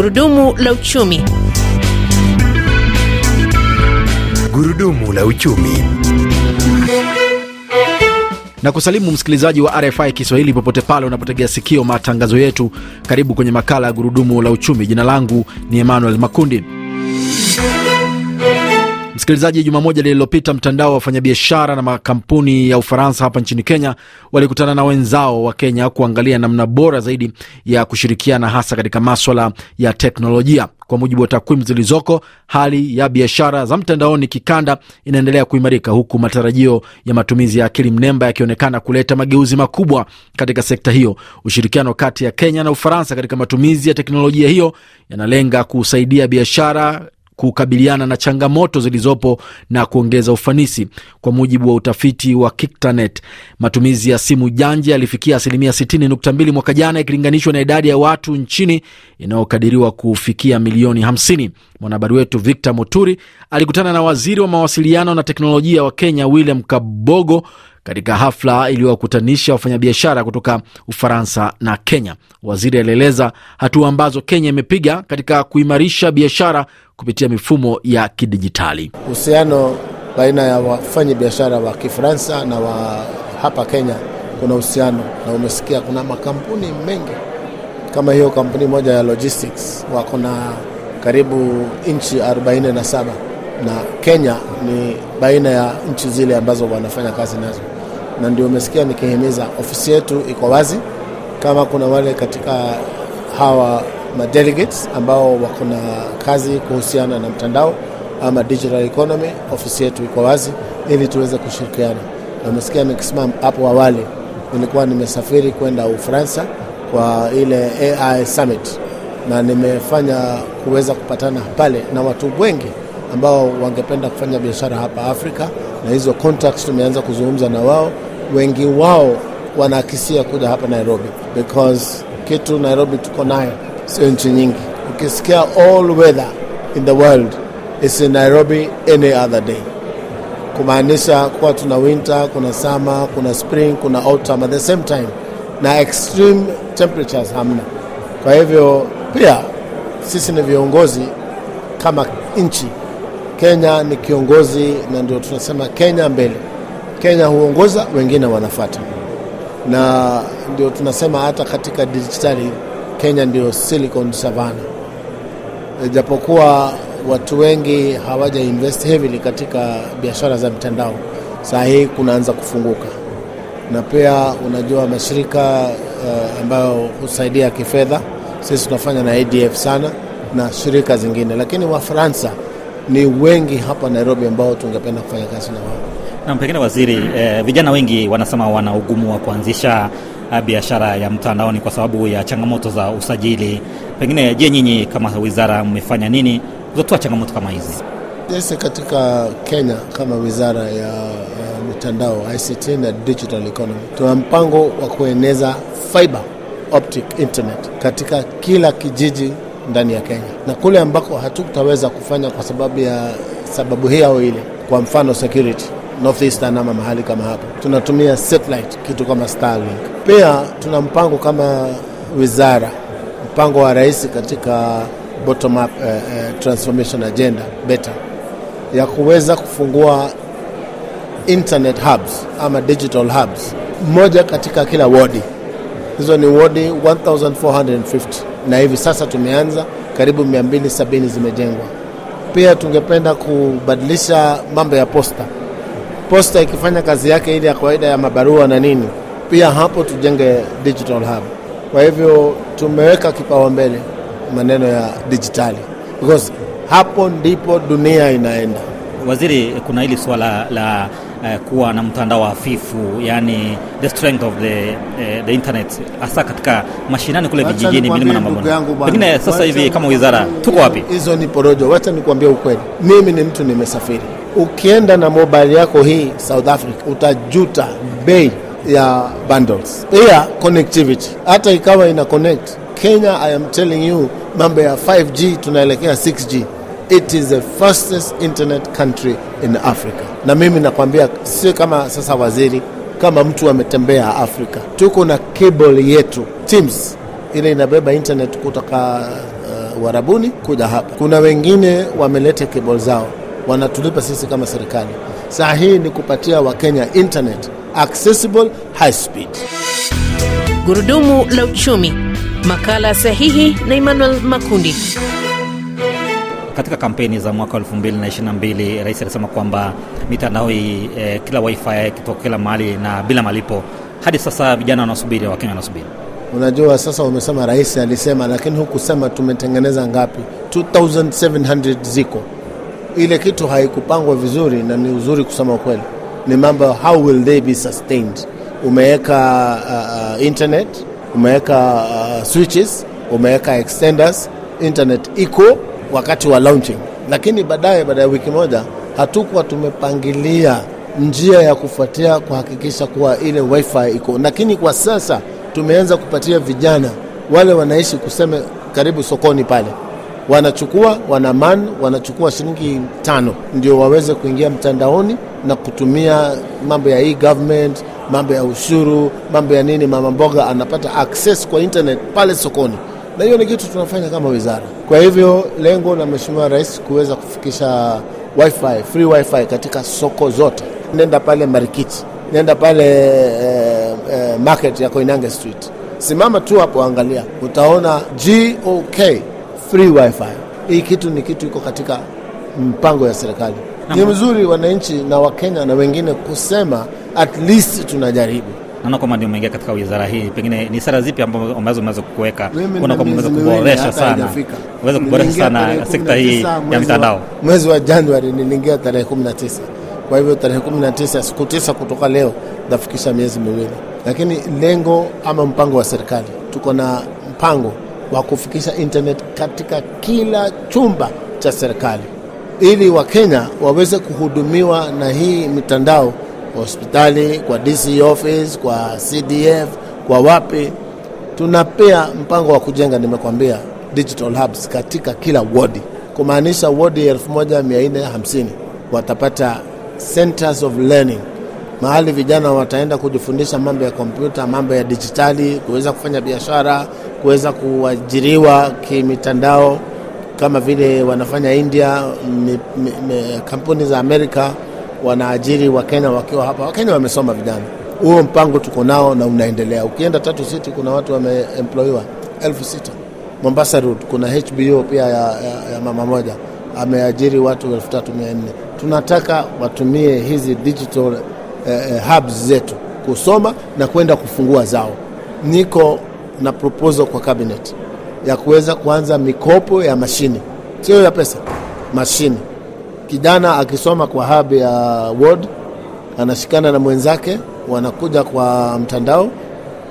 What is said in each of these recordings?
Gurudumu la uchumi. Gurudumu la uchumi na kusalimu msikilizaji wa RFI Kiswahili popote pale unapotegea sikio matangazo yetu. Karibu kwenye makala ya gurudumu la uchumi. Jina langu ni Emmanuel Makundi. Msikilizaji, juma moja lililopita, mtandao wa wafanyabiashara na makampuni ya Ufaransa hapa nchini Kenya walikutana na wenzao wa Kenya kuangalia namna bora zaidi ya kushirikiana hasa katika maswala ya teknolojia. Kwa mujibu wa takwimu zilizoko, hali ya biashara za mtandaoni kikanda inaendelea kuimarika huku matarajio ya matumizi ya akili mnemba yakionekana kuleta mageuzi makubwa katika sekta hiyo. Ushirikiano kati ya Kenya na Ufaransa katika matumizi ya teknolojia hiyo yanalenga kusaidia biashara kukabiliana na changamoto zilizopo na kuongeza ufanisi. Kwa mujibu wa utafiti wa Kictanet, matumizi ya simu janja yalifikia asilimia 60.2 mwaka jana ikilinganishwa na idadi ya watu nchini inayokadiriwa kufikia milioni 50. Mwanahabari wetu Victor Moturi alikutana na waziri wa mawasiliano na teknolojia wa Kenya William Kabogo katika hafla iliyowakutanisha wafanyabiashara kutoka Ufaransa na Kenya. Waziri alieleza hatua ambazo Kenya imepiga katika kuimarisha biashara kupitia mifumo ya kidijitali. Uhusiano baina ya wafanyi biashara wa Kifaransa na wa hapa Kenya kuna uhusiano, na umesikia kuna makampuni mengi kama hiyo kampuni moja ya logistics wako na karibu nchi 47 na Kenya ni baina ya nchi zile ambazo wanafanya kazi nazo, na ndio umesikia nikihimiza, ofisi yetu iko wazi. Kama kuna wale katika hawa madelegates ambao wako na kazi kuhusiana na mtandao ama digital economy. Ofisi yetu iko wazi ili tuweze kushirikiana, na umesikia nikisimama hapo awali, nilikuwa nimesafiri kwenda Ufaransa kwa ile AI summit, na nimefanya kuweza kupatana pale na watu wengi ambao wangependa kufanya biashara hapa Afrika, na hizo contacts tumeanza kuzungumza na wao. Wengi wao wanaakisia kuja hapa Nairobi because kitu Nairobi tuko nayo sio nchi nyingi. Ukisikia all weather in the world is in Nairobi any other day, kumaanisha kuwa tuna winter, kuna summer, kuna spring, kuna autumn at the same time, na extreme temperatures hamna. Kwa hivyo pia sisi ni viongozi kama nchi. Kenya ni kiongozi, na ndio tunasema Kenya mbele. Kenya huongoza, wengine wanafata, na ndio tunasema hata katika dijitali Kenya ndio silicon savana, japokuwa watu wengi hawaja invest heavily katika biashara za mtandao. Saa hii kunaanza kufunguka, na pia unajua mashirika uh, ambayo husaidia kifedha, sisi tunafanya na ADF sana na shirika zingine, lakini Wafaransa ni wengi hapa Nairobi ambao tungependa kufanya kazi na wao. Na pengine waziri, eh, vijana wengi wanasema wana ugumu wa kuanzisha biashara ya mtandaoni kwa sababu ya changamoto za usajili. Pengine je, nyinyi kama wizara mmefanya nini kuzotoa changamoto kama hizi? Sisi katika Kenya kama wizara ya mitandao ICT na digital economy, tuna mpango wa kueneza fiber optic internet katika kila kijiji ndani ya Kenya, na kule ambako hatutaweza kufanya kwa sababu ya sababu hii au ile, kwa mfano security northeastern ama mahali kama hapo, tunatumia satellite kitu kama Starlink. Pia tuna mpango kama wizara, mpango wa rais katika bottom up eh, eh, transformation agenda beta ya kuweza kufungua internet hubs ama digital hubs moja katika kila wodi. Hizo ni wodi 1450 na hivi sasa tumeanza karibu 270 zimejengwa. Pia tungependa kubadilisha mambo ya posta posta ikifanya kazi yake ile ya kawaida ya mabarua na nini, pia hapo tujenge digital hub. Kwa hivyo tumeweka kipaumbele maneno ya dijitali because hapo ndipo dunia inaenda. Waziri, kuna hili swala la eh, kuwa na mtandao hafifu, yani the strength of the, eh, the internet hasa katika mashinani kule vijijini, milima na mabonde. Pengine sasa hivi kama wizara tuko wapi? Hizo ni porojo. Wacha nikwambie ukweli, mimi ni mtu nimesafiri Ukienda na mobile yako hii South Africa utajuta bei ya bundles ya connectivity, hata ikawa ina connect Kenya. I am telling you mambo ya 5G tunaelekea 6G. It is the fastest internet country in Africa, na mimi nakwambia, sio kama sasa waziri, kama mtu ametembea Afrika. Tuko na cable yetu Teams ile inabeba internet kutoka uh, Warabuni kuja hapa. Kuna wengine wameleta cable zao wanatulipa sisi kama serikali. Saa hii ni kupatia Wakenya internet accessible high speed. Gurudumu la uchumi, makala sahihi na Emmanuel Makundi. Katika kampeni za mwaka 2022 rais alisema kwamba mitandao hii eh, kila wifi kitoka kila mahali na bila malipo. Hadi sasa vijana wanasubiri, Wakenya wanasubiri. Unajua, sasa umesema rais alisema, lakini hukusema tumetengeneza ngapi? 2700 ziko ile kitu haikupangwa vizuri, na ni uzuri kusema kweli, ni mambo how will they be sustained. Umeweka uh, uh, internet umeweka uh, switches umeweka extenders, internet iko wakati wa launching, lakini baadaye, baada ya wiki moja, hatukuwa tumepangilia njia ya kufuatia kuhakikisha kuwa ile wifi iko. Lakini kwa sasa tumeanza kupatia vijana wale wanaishi kuseme karibu sokoni pale wanachukua wanaman wanachukua shilingi tano ndio waweze kuingia mtandaoni na kutumia mambo ya hii government mambo ya ushuru, mambo ya nini. Mama mboga anapata access kwa internet pale sokoni, na hiyo ni kitu tunafanya kama wizara. Kwa hivyo lengo la Mheshimiwa Rais kuweza kufikisha wifi, free wifi katika soko zote. Nenda pale Marikiti, nenda pale eh, eh, market ya Koinange Street, simama tu hapo, angalia, utaona GOK free wifi. Hii kitu ni kitu iko katika mpango ya serikali. Ni mzuri wananchi na Wakenya na wengine kusema at least tunajaribu. Naona kwamba ndio umeingia katika wizara hii, pengine ni sera zipi ambazo umeweza kuweka kuboresha sana uweze kuboresha sana sekta hii ya mtandao? Mwezi wa Januari niliingia tarehe 19, kwa hivyo tarehe 19, siku tisa kutoka leo nafikisha miezi miwili, lakini lengo ama mpango wa serikali, tuko na mpango wa kufikisha internet katika kila chumba cha serikali ili Wakenya waweze kuhudumiwa na hii mitandao, hospitali, kwa DC office, kwa CDF, kwa wapi. Tunapea mpango wa kujenga, nimekwambia digital hubs katika kila wodi, kumaanisha wodi 1450 watapata centers of learning mahali vijana wataenda kujifundisha mambo ya kompyuta, mambo ya dijitali, kuweza kufanya biashara, kuweza kuajiriwa kimitandao kama vile wanafanya India. Mi, mi, mi, kampuni za Amerika wanaajiri Wakenya wakiwa hapa. Wakenya wamesoma vijana. Huo mpango tuko nao na unaendelea. Ukienda Tatu City kuna watu wameemployiwa elfu sita. Mombasa Road kuna HBO pia ya, ya, ya mama moja ameajiri watu elfu tatu mia nne. Tunataka watumie hizi digital Eh, eh, hubs zetu kusoma na kwenda kufungua zao. Niko na proposal kwa cabinet ya kuweza kuanza mikopo ya mashine, sio ya pesa, mashine. Kijana akisoma kwa hub ya World anashikana na mwenzake, wanakuja kwa mtandao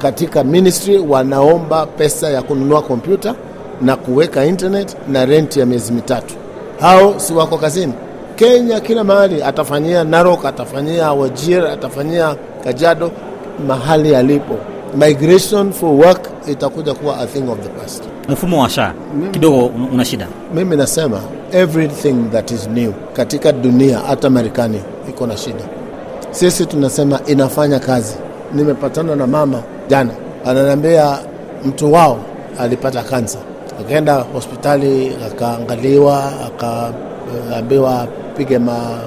katika ministry, wanaomba pesa ya kununua kompyuta na kuweka internet na renti ya miezi mitatu. Hao si wako kazini? Kenya kila mahali, atafanyia Narok, atafanyia Wajir, atafanyia Kajado, mahali alipo. Migration for work itakuja kuwa a thing of the past. Mfumo wa sha kidogo una shida. Mimi nasema everything that is new katika dunia, hata Marekani iko na shida. Sisi tunasema inafanya kazi. Nimepatana na mama jana, ananiambia mtu wao alipata kansa, akaenda hospitali akaangaliwa, akaambiwa eh, apige ma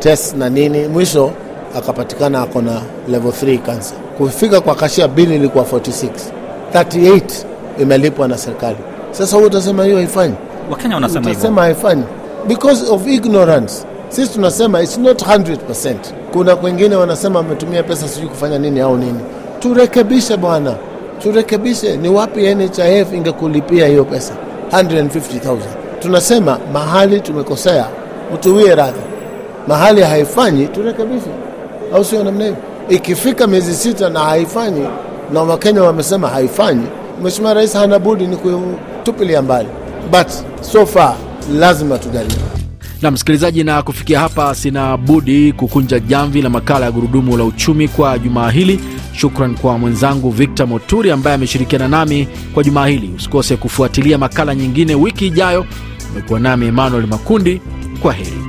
test na nini, mwisho akapatikana ako na level 3 cancer. Kufika kwa kashia bili ilikuwa 46, 38 imelipwa na serikali. Sasa wewe utasema hiyo haifanyi? Wakenya wanasema hivyo, utasema haifanyi because of ignorance. Sisi tunasema it's not 100%. Kuna kwengine wanasema wametumia pesa sijui kufanya nini au nini. Turekebishe bwana, turekebishe. Ni wapi NHIF ingekulipia hiyo pesa 150,000? Tunasema mahali tumekosea mtuwie radhi. Mahali haifanyi turekebishe, au sio namna hiyo? Ikifika miezi sita na haifanyi na Wakenya wamesema haifanyi, Mheshimiwa Rais hana budi ni kutupilia mbali, but so far lazima tujaribu. Na msikilizaji, na kufikia hapa, sina budi kukunja jamvi la makala ya gurudumu la uchumi kwa jumaa hili. Shukran kwa mwenzangu Victor Moturi ambaye ameshirikiana nami kwa jumaa hili. Usikose kufuatilia makala nyingine wiki ijayo. Umekuwa nami Emmanuel Makundi. Aquarelho.